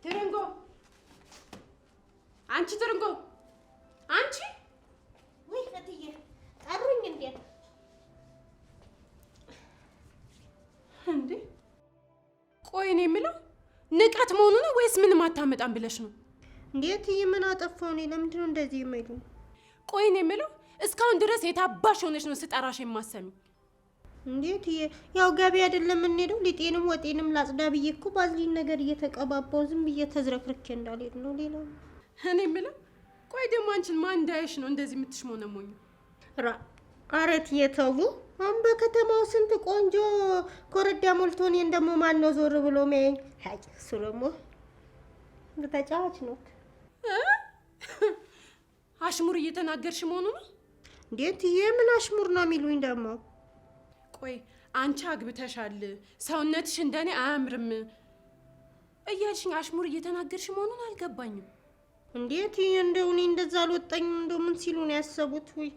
들은 거 안 치들은 거 ምንም አታመጣም ብለሽ ነው እንዴት? ይምን አጠፋው? እኔ? ለምንድን ነው እንደዚህ የሚሉ? ቆይ እኔ የምለው እስካሁን ድረስ የታባሽ ሆነች ነው ስጠራሽ የማሰሚ? እንዴት ያው ገቢ አይደለም የምንሄደው። ሊጤንም ወጤንም ላጽዳ ብዬ እኮ ባዝሊን ነገር እየተቀባባው ዝም ብዬ ተዝረክርኬ እንዳልሄድ ነው። ሌላ እኔ የምለው ቆይ ደግሞ አንቺን ማን እንዳይሽ ነው እንደዚህ የምትሽመው? የምትሽሞነሞኝ? ራ አረት የተው አሁን በከተማው ስንት ቆንጆ ኮረዳ ሞልቶኔን ደግሞ ማን ነው ዞር ብሎ ሚያየኝ? እሱ ደግሞ ተጫዋች ኖት። አሽሙር እየተናገርሽ መሆኑ ነው እንዴት? የምን አሽሙር ነው የሚሉኝ ደግሞ? ቆይ አንቺ አግብተሻል፣ ሰውነትሽ እንደኔ አያምርም እያልሽኝ አሽሙር እየተናገርሽ መሆኑን አልገባኝም። እንዴት እንደው እኔ እንደዛ አልወጣኝም። እንደው ምን ሲሉ ነው ያሰቡት? ወይ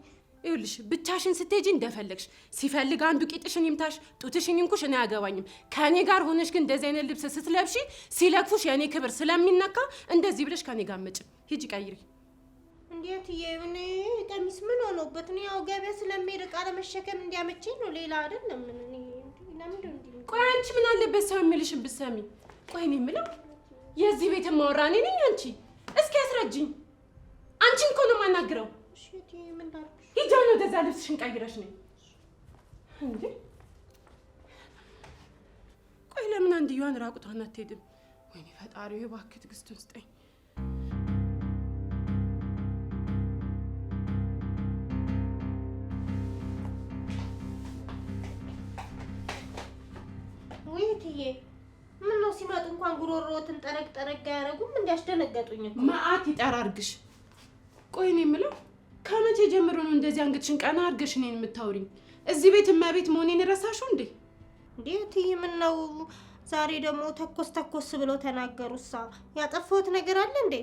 ይኸውልሽ ብቻሽን ስትሄጂ እንደፈለግሽ ሲፈልግ አንዱ ቂጥሽን ይምታሽ ጡትሽን ይንኩሽ፣ እኔ አያገባኝም። ከእኔ ጋር ሆነሽ ግን እንደዚህ አይነት ልብስ ስትለብሺ ሲለክፉሽ የእኔ ክብር ስለሚነካ እንደዚህ ብለሽ ከእኔ ጋር መጭ ሂጂ ቀይሪ። እንዴት የኔ ቀሚስ ምን ሆኖበት ነው? ያው ገበያ ስለሚሄድ ዕቃ ለመሸከም እንዲያመቸኝ ነው፣ ሌላ አይደለም። ቆይ አንቺ ምን አለበት ሰው የሚልሽን ብትሰሚ? ቆይ እኔ የምለው የዚህ ቤት ማወራ እኔ ነኝ? አንቺ እስኪ ያስረጅኝ። አንቺን እኮ ነው የማናግረው። ሂጂ አሁን ወደዛ ልብስሽን ቀይረሽ ነይ። እንዴ ቆይ ለምን አንድየዋን ራቁቷን አትሄድም? ወይኔ ፈጣሪ እባክህ ትዕግስቱን ስጠኝ። ውይትዬ ምነው ሲመጡ እንኳን ጉሮሮትን ጠረግ ጠረግ አያደርጉም? እንዲያስደነገጡኝ እኮ መዓት ይጠራርግሽ። ቆይ እኔ የምለው ከመቼ ጀምሮ ነው እንደዚህ አንገትሽን ቀና አድርገሽ እኔን የምታውሪኝ? እዚህ ቤት እመቤት መሆኔን ረሳሽው እንዴ? እንዴት ነው? ዛሬ ደግሞ ተኮስ ተኮስ ብሎ ተናገሩሳ? ያጠፋሁት ነገር አለ እንዴ?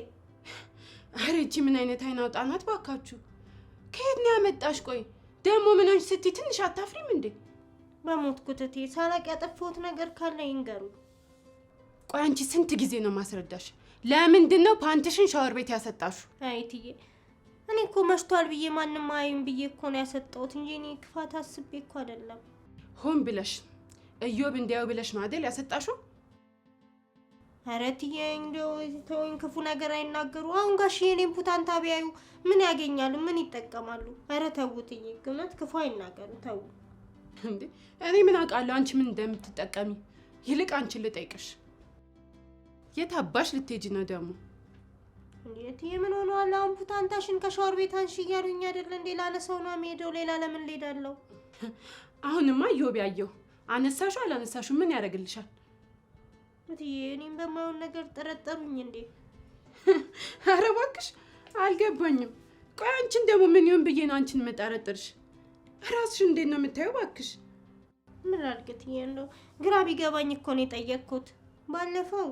አረ እቺ ምን አይነት አይን አውጣናት ናት ባካችሁ! ከየት ነው ያመጣሽ? ቆይ ደግሞ ምን ስትይ ትንሽ አታፍሪም እንዴ? በሞት ኩትቴ ሳላቅ ያጠፋሁት ነገር ካለ ይንገሩ። ቆይ አንቺ ስንት ጊዜ ነው ማስረዳሽ? ለምንድን ነው ፓንትሽን ሻወር ቤት ያሰጣሹ? አይ እኔ እኮ መሽቷል ብዬ ማንም አይም ብዬ እኮ ነው ያሰጠሁት እንጂ እኔ ክፋት አስቤ እኮ አይደለም። ሆን ብለሽ እዮብ እንዲያው ብለሽ ነው አይደል ያሰጣሽው? ኧረ እንደው ተወኝ፣ ክፉ ነገር አይናገሩ። አሁን ጋሽዬ እኔን ፑታንታ ቢያዩ ምን ያገኛሉ? ምን ይጠቀማሉ? ኧረ ተው እትዬ፣ ግመት ክፉ አይናገሩ ተው። እንዴ እኔ ምን አውቃለሁ አንቺ ምን እንደምትጠቀሚ። ይልቅ አንቺን ልጠይቅሽ፣ የት አባሽ ልትሄጂ ነው ደግሞ? እንዴት የምን ሆኗል? አምፑታን ታሽን ከሻወር ቤት አንሺ እያሉኝ አይደለ እንዴ? ላለ ሰው ነው የምሄደው። ሌላ ለምን ልሄዳለሁ? አሁንማ እዮብ ያየው አነሳሹ አላነሳሹ ምን ያደርግልሻል? እትዬ እኔም በማየውን ነገር ጠረጠሩኝ እንዴ? አረ እባክሽ አልገባኝም። ቆይ አንቺን ደግሞ ምን ይሆን ብዬ ነው አንቺን መጠረጥርሽ? ራስሽ እንዴት ነው የምታየው? እባክሽ ምን አልክ እትዬ? እንደው ግራ ቢገባኝ እኮ ነው የጠየቅኩት ባለፈው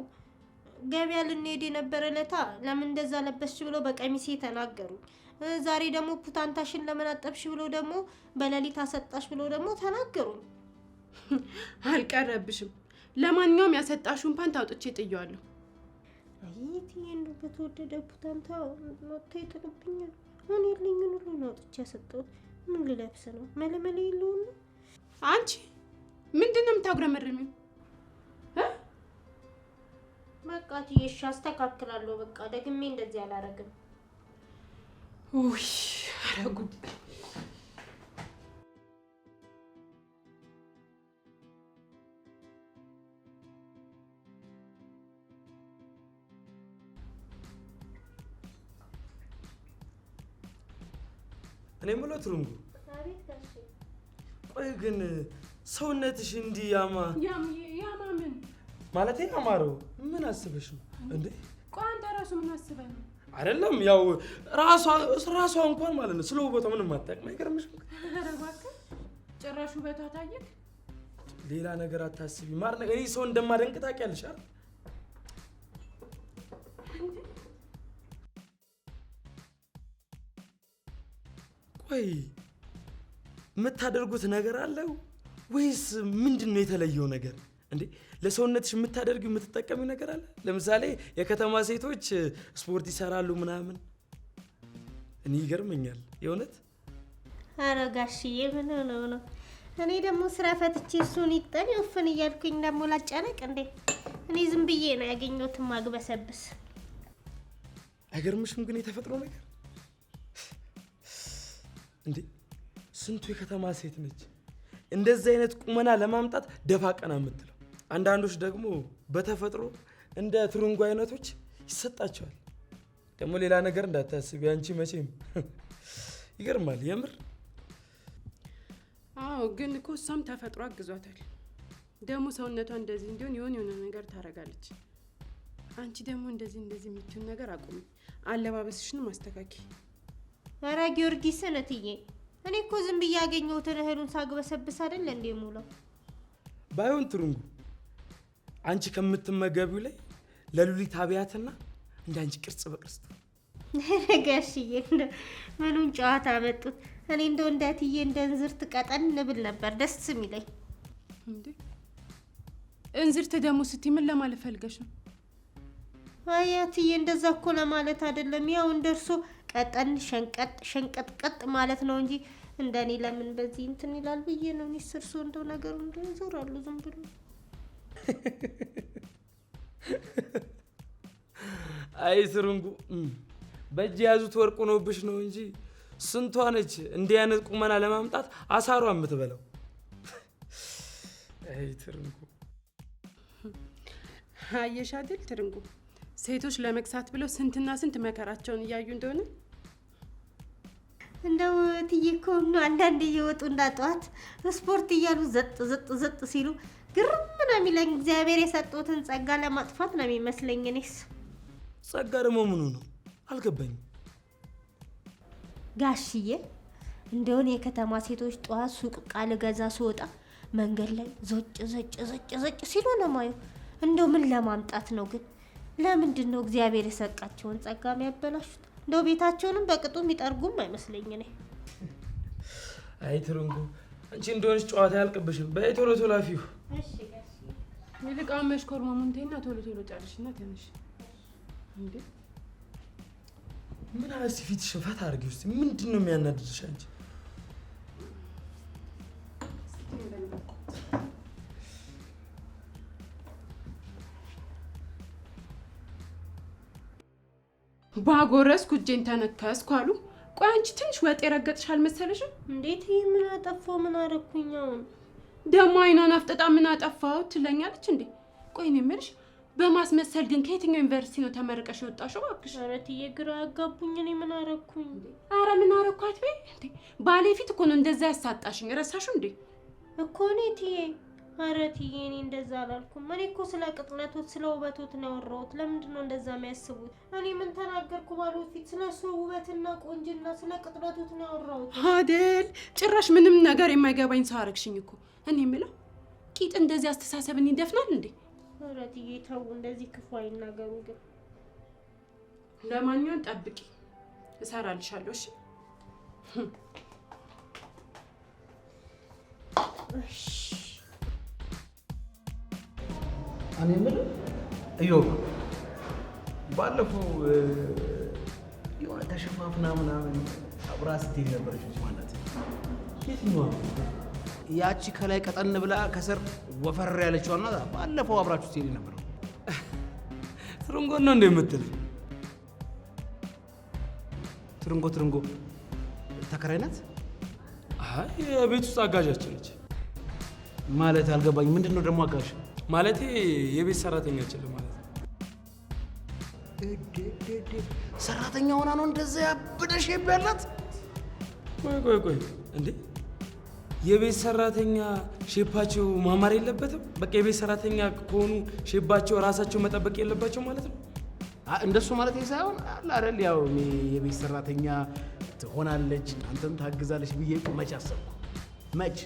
ገበያ ልንሄድ የነበረ ለታ ለምን እንደዛ ለበስሽ ብሎ በቀሚሴ ተናገሩ። ዛሬ ደግሞ ፑታንታሽን ለምን አጠብሽ ብሎ ደግሞ በሌሊት አሰጣሽ ብሎ ደግሞ ተናገሩ። አልቀረብሽም። ለማንኛውም ያሰጣሹን ፓንት አውጥቼ ጥየዋለሁ። ይት ይህን በተወደደ ፑታንታ ወጥቶ ይጥልብኛል። አሁን የለኝን ሁሉ ነው አውጥቼ ያሰጠሁት። ምን ልለብስ ነው? መለመለ የለውም። አንቺ ምንድን ነው የምታጉረመርሚው? መቃት እየሽ አስተካክላለሁ። በቃ ደግሜ እንደዚህ አላረግም። ውይ ኧረ ጉድ! እኔ የምለው ትርንጉ፣ ቆይ ግን ሰውነትሽ እንዲህ ያማ ማለት አማረው ምን አስበሽ ነው እንዴ? ቆይ አንተ ራሱ ምን አስበህ ነው? አይደለም ያው ራሷ ራሷ እንኳን ማለት ነው ስለ ውበቷ ምንም አታውቅም። አይገርምሽም? ኧረ እባክህ ጭራሽ ውበቷ ታየክ። ሌላ ነገር አታስቢ ማር። እኔ ሰው እንደማደንቅ ታውቂያለሽ አይደል? ቆይ የምታደርጉት ነገር አለው ወይስ ምንድን ነው የተለየው ነገር? እንዴ ለሰውነትሽ የምታደርግ የምትጠቀሚ ነገር አለ። ለምሳሌ የከተማ ሴቶች ስፖርት ይሰራሉ ምናምን፣ እኔ ይገርመኛል የእውነት። አረ ጋሽዬ ምን ሆነው ነው? እኔ ደግሞ ስራ ፈትቼ እሱን ይጠን ውፍን እያልኩኝ ደግሞ ላጨነቅ እንዴ? እኔ ዝም ብዬ ነው ያገኘሁት ማግበሰብስ። አይገርምሽም ግን የተፈጥሮ ነገር እንዴ! ስንቱ የከተማ ሴት ነች እንደዚህ አይነት ቁመና ለማምጣት ደፋ ቀና የምትለው አንዳንዶች ደግሞ በተፈጥሮ እንደ ትሩንጎ አይነቶች ይሰጣቸዋል። ደግሞ ሌላ ነገር እንዳታስብ አንቺ መቼም ይገርማል። የምር አዎ። ግን እኮ እሷም ተፈጥሮ አግዟታል። ደግሞ ሰውነቷ እንደዚህ እንዲሆን የሆን የሆነ ነገር ታደርጋለች። አንቺ ደግሞ እንደዚህ እንደዚህ የምትሆን ነገር አቁሚ፣ አለባበስሽንም አስተካኪ። ኧረ ጊዮርጊስ እትዬ፣ እኔ እኮ ዝም ብዬ ያገኘሁትን እህሉን ሳግበሰብስ አይደለ እንዴ ሙለው ባይሆን ትሩንጉ አንቺ ከምትመገቢው ላይ ለሉሊት አብያትና እንደ አንቺ ቅርጽ በቅርጽ ጋሽዬ ምኑን ጨዋታ መጡት። እኔ እንደው እንዳትዬ እንደ እንዝርት ቀጠን ንብል ነበር ደስ የሚለኝ። እንዝርት ደግሞ ስትይ ምን ለማለት ፈልገሽ ነው? እንደዛ እኮ ለማለት አይደለም። ያው እንደ እርሶ ቀጠን ሸንቀጥ ሸንቀጥቀጥ ማለት ነው እንጂ እንደኔ ለምን በዚህ እንትን ይላል ብዬ ነው። እኔስ እርሶ እንደው ነገሩ እንደው ይዞራሉ ዝም ብሎ አይ ስሩንጉ በእጅ የያዙት ወርቁ ነውብሽ ነው እንጂ ስንቷ ነች እንዲህ አይነት ቁመና ለማምጣት አሳሯ የምትበለው። አይ ትርንጉ አየሻድል ትርንጉ፣ ሴቶች ለመቅሳት ብለው ስንትና ስንት መከራቸውን እያዩ እንደሆነ እንደው ትዬ እኮ አንዳንድ እየወጡ እንዳጠዋት ስፖርት እያሉ ዘጥ ዘጥ ዘጥ ሲሉ ግርም ነው የሚለኝ። እግዚአብሔር የሰጡትን ጸጋ ለማጥፋት ነው የሚመስለኝ። እኔስ ጸጋ ደግሞ ምኑ ነው አልገባኝም። ጋሽዬ እንደውን የከተማ ሴቶች ጠዋት ሱቅ ቃል ገዛ ስወጣ መንገድ ላይ ዘጭ ዘጭ ዘጭ ዘጭ ሲሉ ነው ማየው። እንደው ምን ለማምጣት ነው ግን? ለምንድን ነው እግዚአብሔር የሰጣቸውን ጸጋ የሚያበላሹት? እንደው ቤታቸውንም በቅጡ የሚጠርጉም አይመስለኝ እኔ። አይ ትርንጉ አንቺ እንደሆነች ጨዋታ ያልቅብሽም። በቶሎ ቶሎ አፊሁ ይልቅ አሁን መሽኮርመሙን ተይና ቶሎ ቶሎ ጨርሽና ትንሽ እንዴ ምን አለ ፊት ሽፋት አድርጊ ውስጥ ምንድን ነው የሚያናድድሽ አንቺ? ባጎረስኩ እጄን ተነከስኩ አሉ። ቆይ አንቺ ትንሽ ወጥ የረገጥሽ አልመሰለሽም? እንዴት ይህ ምን አጠፋው? ምን አሁን ደግሞ አይኗን አፍጠጣ ምን አጠፋው ትለኛለች እንዴ? ቆይ እኔ የምልሽ በማስመሰል ግን ከየትኛው ዩኒቨርሲቲ ነው ተመርቀሽ የወጣሽው? እባክሽ ኧረ እትዬ ግራ ያጋቡኝ። እኔ ምን አረኩኝ? አረ ምን አረኳት ቤ ባሌ ፊት እኮ ነው እንደዛ ያሳጣሽኝ። ረሳሹ እንዴ እኮ እኔ እትዬ ኧረ እትዬ እኔ እንደዛ አላልኩም። እኔ እኮ ስለ ቅጥነቶት ስለ ውበቶት ነው ያወራሁት። ለምንድን ነው እንደዛ የሚያስቡት? እኔ ምን ተናገርኩ? ባሎት ፊት ስለ እሱ ውበትና ቆንጅና ስለ ቅጥነቶት ነው ያወራሁት አደል ጭራሽ ምንም ነገር የማይገባኝ ሰው አደረግሽኝ እኮ። እኔ የምለው ቂጥ እንደዚህ አስተሳሰብን ይደፍናል እንዴ? ኧረ እትዬ ተው፣ እንደዚህ ክፉ አይናገሩ። ግን ለማንኛውም ጠብቂ፣ እሰራልሻለሁ። እሺ እሺ እኔ የምልህ እዮብ ባለፈው የሆነ ተሸፋፍና ምናምን አብራ ስትሄድ ነበረች ማለት የትኛዋ? ያቺ ከላይ ቀጠን ብላ ከስር ወፈር ያለችዋ ባለፈው አብራችሁ ስትሄድ ነበር። ትርንጎ ነው እንደ የምትል ትርንጎ ትርንጎ ተከራይ ናት? የቤት ውስጥ አጋዣችን ነች። ማለት አልገባኝ። ምንድን ነው ደግሞ አጋዥ ማለት የቤት ሰራተኛ ችል ማለት ነው። ሰራተኛ ሆና ነው እንደዛ ያበደ ያላት። ቆይ ቆይ ቆይ እንዴ የቤት ሰራተኛ ሼፓቸው ማማር የለበትም? በቃ የቤት ሰራተኛ ከሆኑ ሼፓቸው ራሳቸው መጠበቅ የለባቸው ማለት ነው። እንደሱ ማለት ሳይሆን አይደል ያው የቤት ሰራተኛ ትሆናለች፣ አንተም ታግዛለች ብዬ መች አሰብኩ መች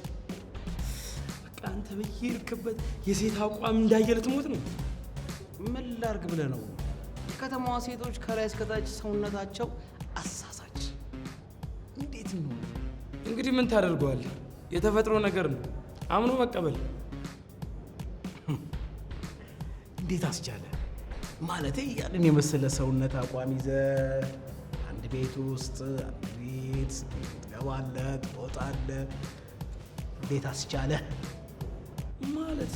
አንተ በየሄድክበት የሴት አቋም እንዳየ ልትሞት ነው። ምን ላርግ ብለህ ነው? የከተማዋ ሴቶች ከላይ እስከታች ሰውነታቸው አሳሳች። እንዴት ነው እንግዲህ? ምን ታደርገዋለህ? የተፈጥሮ ነገር ነው፣ አምኖ መቀበል። እንዴት አስቻለ ማለት ያንን የመሰለ ሰውነት አቋም ይዘ አንድ ቤት ውስጥ አንድ ቤት ትገባለህ፣ ትወጣለህ። እንዴት አስቻለ? ማለት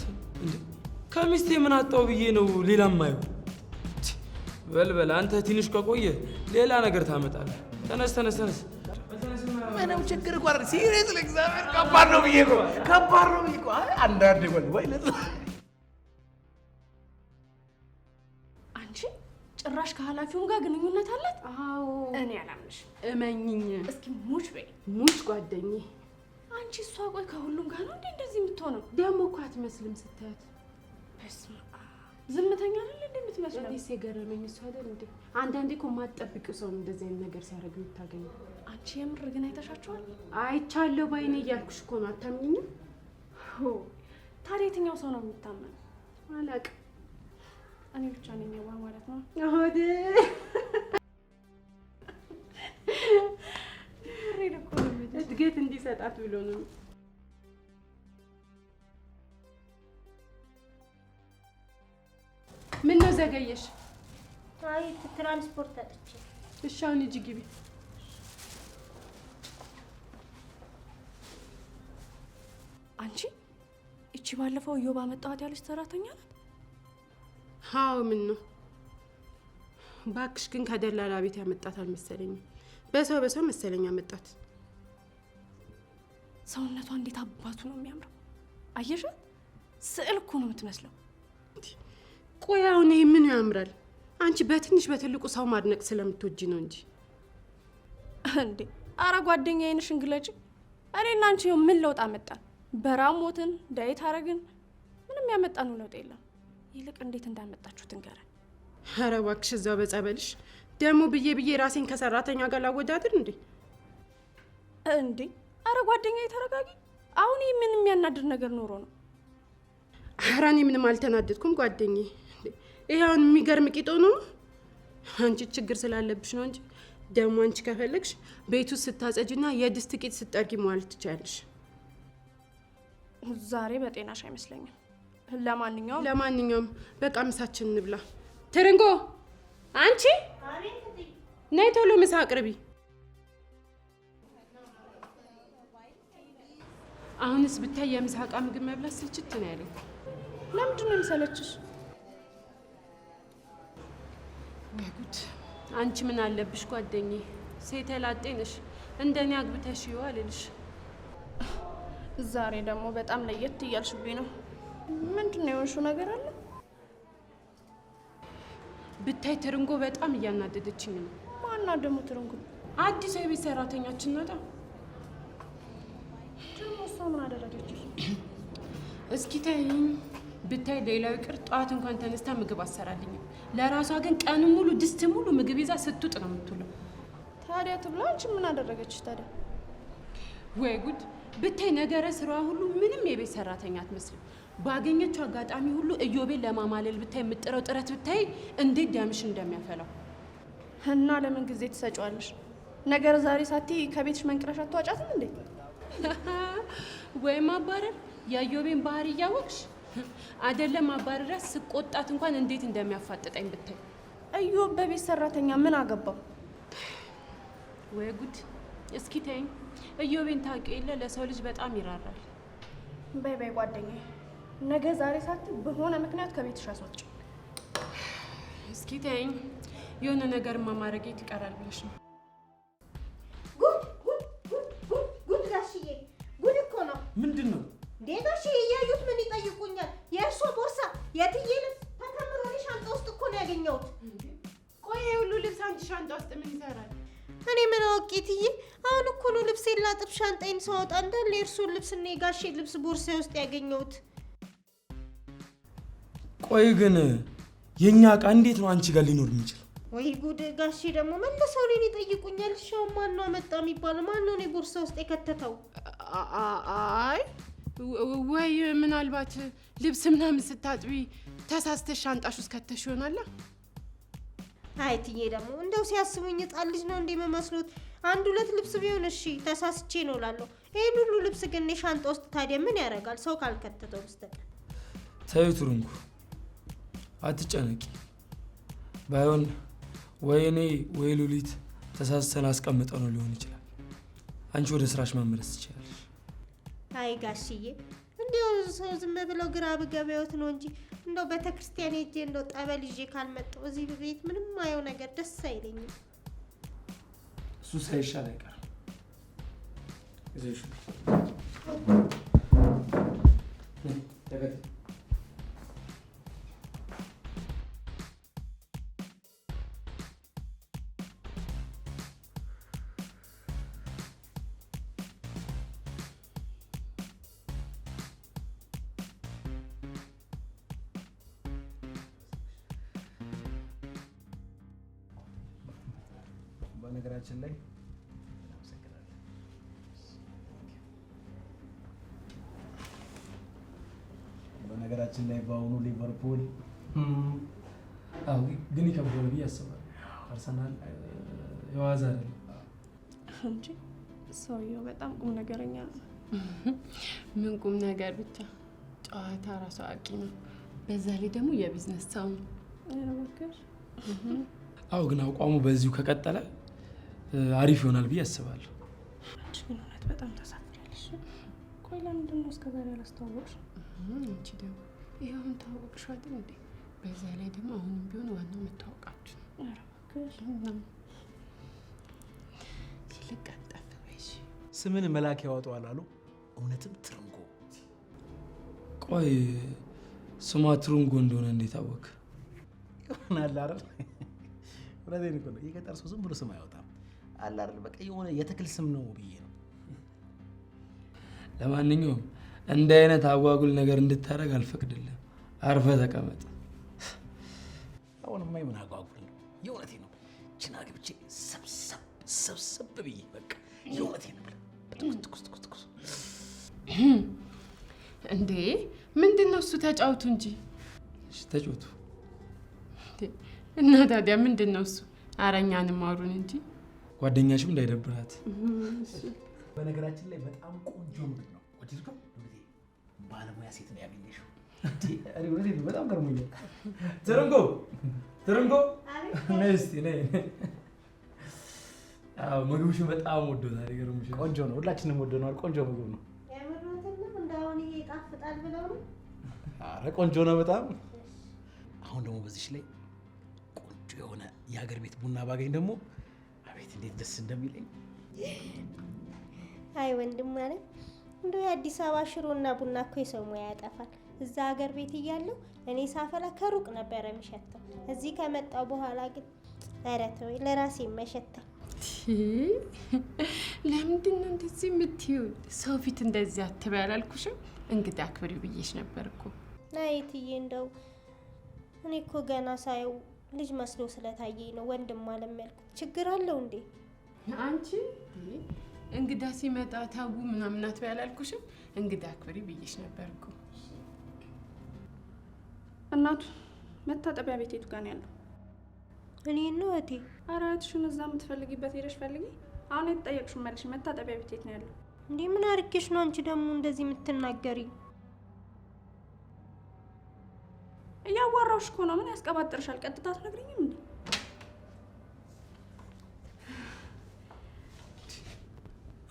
ከሚስቴ ምን አጣው ብዬ ነው ሌላ ማየው። በልበል አንተ ትንሽ ከቆየ ሌላ ነገር ታመጣለህ። ተነስ ተነስ ተነስ። ምንም ችግር ጓር አይደል። ሲሪየስ ለእግዚአብሔር ከባድ ነው ብዬ ነው ከባድ ነው ብዬ ነው። አይ አንዳንዴ ወል ወይ አንቺ ጭራሽ ከኃላፊውን ጋር ግንኙነት አላት? አዎ እኔ አላምንሽ። እመኝኝ እስኪ ሙች በይ ሙች ጓደኝ አንቺ እሷ ቆይ ከሁሉም ጋር ነው እንዴ እንደዚህ የምትሆነው? ደግሞ እኮ አትመስልም ስታያት። በስመ አብ ዝምተኛ አይደል እንዴ የምትመስለው? ዲስ የገረመኝ እሷ አይደል እንዴ። አንዳንዴ እኮ የማትጠብቂው ሰው እንደዚህ አይነት ነገር ሲያደርግ የምታገኘው። አንቺ የምር ግን አይተሻቸዋል? አይቻለሁ ባይኔ እያልኩሽ እኮ ነው። አታምኝኝም? ታዲያ የትኛው ሰው ነው የሚታመን? አላቅ እኔ ብቻ ነኝ የዋህ ማለት ነው። እድገት እንዲሰጣት ብሎ ነው። ምን ነው ዘገየሽ? አይ ትራንስፖርት አጥቼ። እሺ አሁን ሂጂ ግቢ። አንቺ እቺ ባለፈው እዮባ መጣኋት ያለች ሰራተኛ ናት? አዎ። ምን ነው ባክሽ፣ ግን ከደላላ ቤት ያመጣት አልመሰለኝም። በሰው በሰው መሰለኝ ያመጣት። ሰውነቷ እንዴት አባቱ ነው የሚያምረው! አየሻት? ስዕል እኮ ነው የምትመስለው። ቆይ አሁን ይሄ ምን ያምራል? አንቺ በትንሽ በትልቁ ሰው ማድነቅ ስለምትወጂ ነው እንጂ። እንዴ አረ ጓደኛ አይንሽን ግለጪ። እኔና አንቺ ምን ለውጥ አመጣን? በራም ሞትን፣ ዳይት አረግን፣ ምንም ነው ለውጥ የለም። ይልቅ እንዴት እንዳመጣችሁት ትንገረን። አረ እባክሽ እዛው በጸበልሽ ደግሞ ብዬ ብዬ ራሴን ከሰራተኛ ጋር ላወዳድር እንዴ እንዴ አረ ጓደኛዬ ተረጋጊ። አሁን ይህ ምን የሚያናድድ ነገር ኖሮ ነው? አረ እኔ ምንም አልተናደድኩም ጓደኛዬ። ይህ አሁን የሚገርም ቂጦ ነው። አንቺ ችግር ስላለብሽ ነው እንጂ ደግሞ አንቺ ከፈለግሽ ቤቱ ስታጸጅና የድስት ቂጥ ስጠርጊ መዋል ትቻለሽ። ዛሬ በጤናሽ አይመስለኝም። ለማንኛውም ለማንኛውም በቃ ምሳችን እንብላ። ትርንጎ አንቺ ነይ ቶሎ ምሳ አቅርቢ። አሁንስ ብታይ የምሳ ምግብ መብላት ስልችት ነው ያለኝ። ለምንድን ነው የምሰለችሽ? ወይ ጉድ! አንቺ ምን አለብሽ ጓደኛዬ፣ ሴት ላጤ ነሽ። እንደኔ አግብተሽ ይዋ አልልሽ። ዛሬ ደግሞ በጣም ለየት እያልሽብኝ ነው። ምንድን ነው የሆንሽው? ነገር አለ ብታይ። ትርንጎ በጣም እያናደደችኝ ነው። ማና ደግሞ ትርንጎ? አዲሷ የቤት ሰራተኛችን ናታ። እሷ ምን አደረገችሽ? እስኪ ተይኝ ብታይ። ሌላው ይቅር ጠዋት እንኳን ተነስታ ምግብ አሰራልኝም። ለራሷ ግን ቀን ሙሉ ድስት ሙሉ ምግብ ይዛ ስትውጥ ነው የምትውለው። ታዲያ ትብላ። አንቺ ምን አደረገችሽ ታዲያ? ወይ ጉድ ብታይ። ነገረ ስራዋ ሁሉ ምንም የቤት ሰራተኛ አትመስልም። ባገኘችው አጋጣሚ ሁሉ እዮቤን ለማማለል ብታይ የምጥረው ጥረት ብታይ እንዴት ደምሽ እንደሚያፈላው እና ለምን ጊዜ ትሰጫዋለሽ? ነገር ዛሬ ሳትይ ከቤትሽ መንቅረሻ አትዋጫትም እንዴ? ወይ ማባረር የኢዮቤን ባህሪ እያወቅሽ አይደለም ማባረሪያ ስቆጣት እንኳን እንዴት እንደሚያፋጥጠኝ ብታይ። እዮብ በቤት ሰራተኛ ምን አገባው? ወይ ጉድ! እስኪ ተይኝ። ኢዮቤን ታውቂው የለ ለሰው ልጅ በጣም ይራራል። በይ በይ ጓደኛዬ፣ ነገ ዛሬ ሳት በሆነ ምክንያት ከቤትሽ አስወጪኝ። እስኪ ተይኝ። የሆነ ነገር ማማረጌት ይቀራል ብለሽ ነው ሌሎች እያዩት ምን ይጠይቁኛል? የእርሶ ቦርሳ የትዬ ልብስ ተከምሮ ሻንጣ ውስጥ እኮ ነው ያገኘሁት። ቆይ ሁሉ ልብስ አንቺ ሻንጣ ውስጥ ምን ይሰራል? እኔ ምን አውቄ ትዬ፣ አሁን እኮ ነው ልብስ ላጥብ ሻንጣዬን ሳወጣ እንዳለ የእርሱን እና የጋሼ ልብስ ቦርሳ ውስጥ ያገኘሁት። ቆይ ግን የእኛ እቃ እንዴት ነው አንቺ ጋር ሊኖር የሚችል? ወይ ጉድ! ጋሼ ደግሞ መልሰው እኔን ይጠይቁኛል። ሻው ማን ነው አመጣ የሚባለው? ማን ነው እኔ ቦርሳ ውስጥ የከተተው? አይ ወይ ምናልባት ልብስ ምናምን ስታጥቢ ተሳስተሽ ሻንጣሽ ውስጥ ከተሽ ይሆናላ። አይ ደግሞ እንደው ሲያስቡኝ ህጻን ልጅ ነው እንደ መመስሎት አንድ ሁለት ልብስ ቢሆን እሺ ተሳስቼ ነው እላለሁ። ይህን ሁሉ ልብስ ግን ሻንጣ ውስጥ ታዲያ ምን ያደርጋል ሰው ካልከተተው በስተቀር። ተይው ቱርንኩ፣ አትጨነቂ። ባይሆን ወይ እኔ ወይ ሉሊት ተሳስተን አስቀምጠ ነው ሊሆን ይችላል። አንቺ ወደ ስራሽ መመለስ ትችላለሽ። አይ ጋሽዬ እንዲሁ ሰው ዝም ብለው ግራ ብገበያዎት ነው እንጂ እንደው ቤተ ክርስቲያን ሄጄ እንደው ጠበል ይዤ ካልመጣሁ እዚህ ቤት ምንም ማየው ነገር ደስ አይለኝም። እሱ ሳይሻል አይቀርም። ይከብዳል፣ ግን ይከብዳል ብዬ አስባለሁ። ፐርሰናል የዋዛ አይደለም እንጂ ሰውየው በጣም ቁም ነገረኛ ነው። ምን ቁም ነገር ብቻ ጨዋታ ራሱ አቂ ነው። በዛ ላይ ደግሞ የቢዝነስ ሰው ነው። አዎ ግን አቋሙ በዚሁ ከቀጠለ አሪፍ ይሆናል ብዬ አስባለሁ። አንቺ ግን እውነት በጣም ታሳፍሪያለሽ። ቆይ ለምንድን ነው እስከ ዛሬ አንቺ ደግሞ ይህ አሁን ታወቅሽ አይደል እንዴ? በዛ ላይ ደግሞ አሁንም ቢሆን ዋናው መታወቃችሁ ነው። ይልቀጠፍ ስምን መላክ ያወጣዋል አሉ። እውነትም ትርንጎ። ቆይ ስሟ ትርንጎ እንደሆነ እንዴት አወቅ? ይሆናል አይደል? ነው። የገጠር ሰው ዝም ብሎ ስም አይወጣም። አለ በቃ የሆነ የተክል ስም ነው ብዬ ነው። ለማንኛውም እንደ አይነት አጓጉል ነገር እንድታደረግ አልፈቅድልም። አርፈ ተቀመጥ። አሁንማ የምን አጓጉል ነው? የእውነቴ ነው። ችን አግብቼ ሰብሰብ ሰብሰብ ብዬ በቃ የእውነቴ ነው። ትኩስ እንዴ! ምንድን ነው እሱ? ተጫውቱ እንጂ ተጫውቱ። እና ታዲያ ምንድን ነው እሱ? አረኛን ማሩን እንጂ ጓደኛሽም እንዳይደብራት። በነገራችን ላይ በጣም ቆንጆ ምግብ ነው። ባለሙያ ሴት ነው ያገኘሽው። በጣም ገርሞኛል። ትርንጎ ትርንጎ፣ እስኪ ምግብሽን በጣም ወዶታል። ቆንጆ ነው፣ ሁላችንም ወደነዋል። ቆንጆ ምግብ ነው። አረ ቆንጆ ነው በጣም። አሁን ደግሞ በዚች ላይ ቆንጆ የሆነ የሀገር ቤት ቡና ባገኝ ደግሞ አቤት እንዴት ደስ እንደሚለኝ። አይ ወንድም ማለት እንደ የአዲስ አበባ ሽሮና ቡና እኮ የሰው ሙያ ያጠፋል። እዛ ሀገር ቤት እያለሁ እኔ ሳፈላ ከሩቅ ነበረ የሚሸተው። እዚህ ከመጣው በኋላ ግን ኧረ ተወኝ፣ ለራሴ መሸተኝ። ለምንድን ነው እንደዚህ የምትይው? ሰው ፊት እንደዚህ አትበይ አላልኩሽም? እንግዲህ አክብሪው ብዬሽ ነበር እኮ ናየትዬ። እንደው እኔ እኮ ገና ሳየው ልጅ መስሎ ስለታየኝ ነው ወንድም አለመልኩ። ችግር አለው እንዴ አንቺ እንግዳ ሲመጣ ታቡ ምናምን አትበይ አላልኩሽም? እንግዳ አክብሪ ብዬሽ ነበርኩ። እናቱ መታጠቢያ ቤት የቱ ጋር ነው ያለው? እኔ ነው እቴ። ኧረ እህትሽን እዛ የምትፈልጊበት ሄደሽ ፈልጊ። አሁን የተጠየቅሽውን መልሽ። መታጠቢያ ቤት የት ነው ያለው? እንዴ ምን አድርጌሽ ነው አንቺ ደግሞ እንደዚህ የምትናገሪ? እያዋራሁሽ እኮ ነው። ምን ያስቀባጥርሻል? ቀጥታ አትነግሪኝም እንዴ?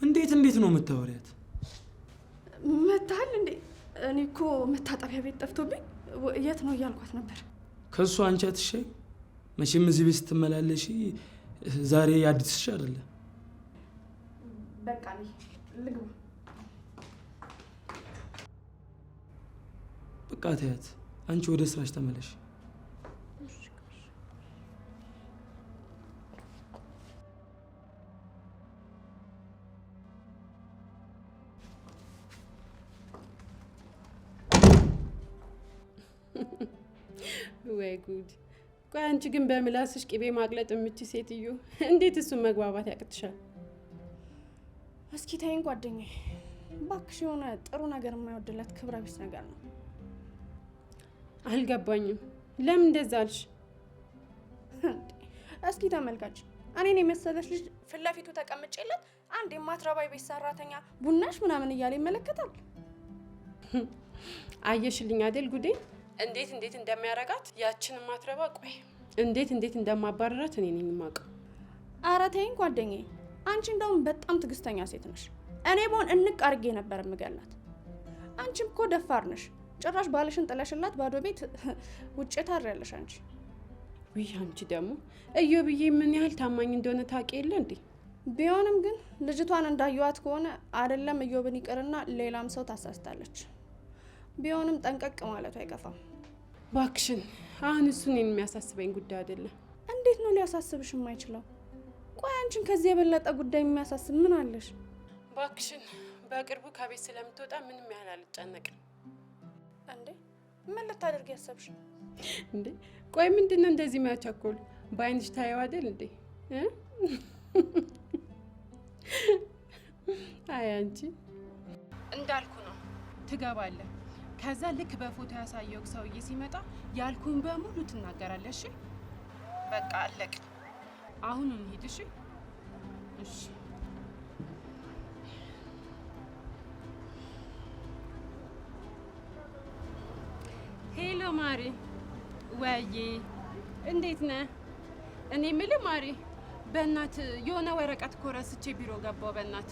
እንዴት እንዴት ነው የምታወሪያት? መታል እንዴ? እኔ እኮ መታጠቢያ ቤት ጠፍቶብኝ የት ነው እያልኳት ነበር። ከእሱ አንቺ አትሻይ መቼም እዚህ ቤት ስትመላለሽ ዛሬ አዲስሽ አይደለም። በቃ ልግባ። በቃ ተያት፣ አንቺ ወደ ስራሽ ተመለሽ። ጉድ! ቆይ አንቺ ግን በምላስሽ ቅቤ ማቅለጥ የምች ሴትዮ እንዴት እሱን መግባባት ያቅትሻል? እስኪ ታይን ባክሽ እባክሽ የሆነ ጥሩ ነገር የማይወድላት ክብረ ቢስ ነገር ነው። አልገባኝም። ለምን እንደዛ አልሽ? እስኪ ተመልካች፣ እኔን የመሰለች ልጅ ፊት ለፊቱ የለት አንድ የማትረባይ ቤት ሰራተኛ ቡናሽ ምናምን እያለ ይመለከታል። አየሽልኝ አይደል ጉዴ እንዴት እንዴት እንደሚያረጋት ያችን ማትረባ ቆይ እንዴት እንዴት እንደማባረራት እኔ ነኝ የማውቀው። ኧረ ተይኝ ጓደኛዬ፣ አንቺ እንደውም በጣም ትግስተኛ ሴት ነሽ። እኔ በሆን እንቅ አድርጌ ነበር የምገላት። አንቺም እኮ ደፋር ነሽ። ጭራሽ ባልሽን ጥለሽላት ባዶ ቤት ውጭ ታድሪያለሽ አንቺ። ውይ አንቺ ደግሞ እዮ ብዬ ምን ያህል ታማኝ እንደሆነ ታውቂ የለ እንዴ? ቢሆንም ግን ልጅቷን እንዳየዋት ከሆነ አይደለም እዮብን ይቅርና ሌላም ሰው ታሳስታለች። ቢሆንም ጠንቀቅ ማለቱ አይከፋም። ባክሽን አሁን እሱን የሚያሳስበኝ ጉዳይ አይደለም። እንዴት ነው ሊያሳስብሽ የማይችለው? ቆይ አንቺን ከዚህ የበለጠ ጉዳይ የሚያሳስብ ምን አለሽ? ባክሽን በቅርቡ ከቤት ስለምትወጣ ምንም ያህል አልጨነቅም። እንዴ ምን ልታደርግ ያሰብሽ? እንዴ ቆይ ምንድን ነው እንደዚህ የሚያቸኩል? በአይንሽ ታየው አይደል እንዴ? አይ አንቺ እንዳልኩ ነው ትገባለህ ከዛ ልክ በፎቶ ያሳየው ሰውዬ ሲመጣ ያልኩን በሙሉ ትናገራለሽ። በቃ አለቅ። አሁን እንሂድ። እሺ፣ እሺ። ሄሎ ማሪ። ወዬ፣ እንዴት ነህ? እኔ የምልህ ማሪ፣ በእናት የሆነ ወረቀት እኮ ረስቼ ቢሮ ገባው። በእናት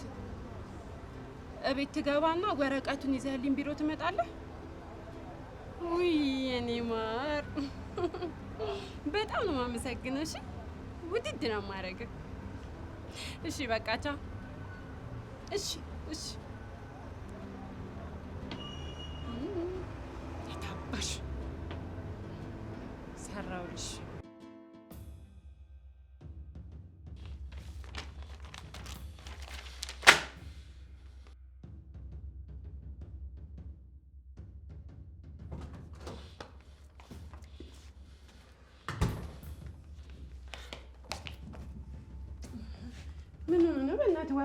እቤት ትገባና ወረቀቱን ይዘህልኝ ቢሮ ትመጣለህ። ውይ የኔ ማር በጣም ነው የማመሰግነው። እሺ ውድድ ነው የማደርገው። እሺ በቃ ቻው። እሺ እሺ የታባሽ ሰራውልሽ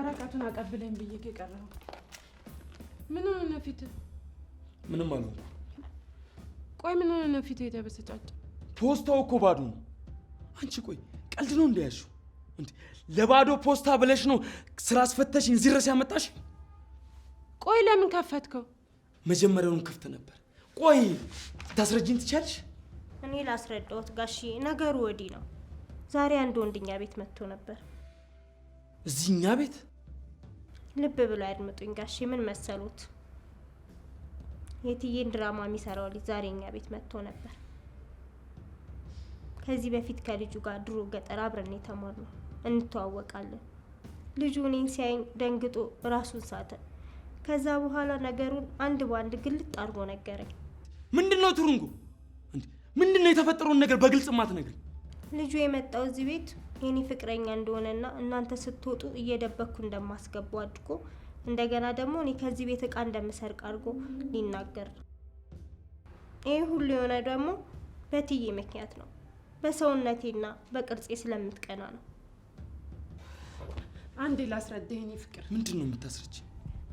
ወረቀቱን አቀብለኝ ብዬ ቀረው። ምን ሆነ ፊት? ምንም አልሆንኩም። ቆይ ምን ሆነ ፊት የተበሰጫጭ? ፖስታው እኮ ባዶ ነው። አንቺ ቆይ ቀልድ ነው እንዳያልሽው እንዴ? ለባዶ ፖስታ ብለሽ ነው ስራ አስፈተሽኝ እዚህ ድረስ ያመጣሽ? ቆይ ለምን ከፈትከው? መጀመሪያውን ክፍት ነበር። ቆይ ታስረጅኝ ትቻለሽ? እኔ ላስረዳዎት ጋሺ። ነገሩ ወዲህ ነው። ዛሬ አንድ ወንድኛ ቤት መጥቶ ነበር። እዚህኛ ቤት ልብ ብሎ ያድምጡኝ ጋሼ ምን መሰሉት? የትዬን ድራማ የሚሰራው ልጅ ዛሬ እኛ ቤት መጥቶ ነበር። ከዚህ በፊት ከልጁ ጋር ድሮ ገጠር አብረን የተማር ነው እንተዋወቃለን። ልጁ እኔን ሲያይኝ ደንግጦ ራሱን ሳተ። ከዛ በኋላ ነገሩን አንድ በአንድ ግልጥ አድርጎ ነገረኝ። ምንድን ነው ትሩንጉ? ምንድን ነው የተፈጠረውን ነገር በግልጽ ነገር ልጁ የመጣው እዚህ ቤት የኔ ፍቅረኛ እንደሆነና እናንተ ስትወጡ እየደበኩ እንደማስገቡ አድርጎ እንደገና ደግሞ እኔ ከዚህ ቤት እቃ እንደምሰርቅ አድርጎ ሊናገር ይህ ሁሉ የሆነ ደግሞ በትዬ ምክንያት ነው። በሰውነቴና በቅርጼ ስለምትቀና ነው። አንዴ ላስረዳህ የኔ ፍቅር። ምንድን ነው የምታስረች?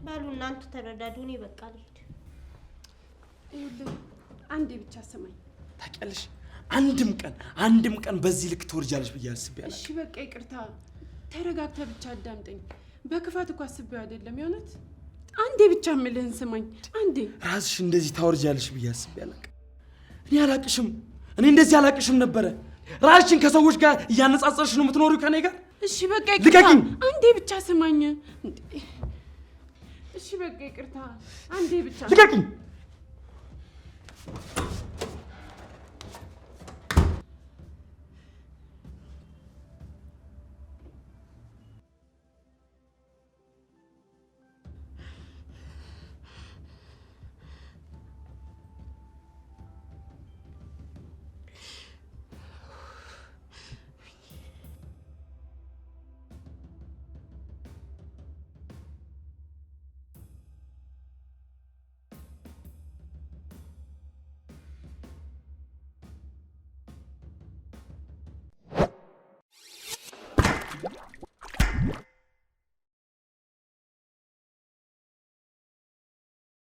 በሉ እናንቱ ተረዳዱ። እኔ በቃ ልሂድ። ይኸውልህ አንዴ ብቻ ስማኝ ታውቂያለሽ አንድም ቀን አንድም ቀን በዚህ ልክ ትወርጃለሽ ብዬ አስቤ እሺ በቃ ይቅርታ፣ ተረጋግተ ብቻ አዳምጠኝ። በክፋት እኮ አስቤው አይደለም። የእውነት አንዴ ብቻ ምልህን ስማኝ። አንዴ ራስሽ እንደዚህ ታወርጃለሽ ብዬ አስቤ አላውቅም። እኔ አላቅሽም፣ እኔ እንደዚህ አላቅሽም ነበረ። ራስሽን ከሰዎች ጋር እያነጻጸርሽ ነው የምትኖሪው ከኔ ጋር። እሺ በቃ ይቅርታ፣ አንዴ ብቻ ስማኝ። እሺ በቃ ይቅርታ፣ አንዴ ብቻ ልቀቂኝ።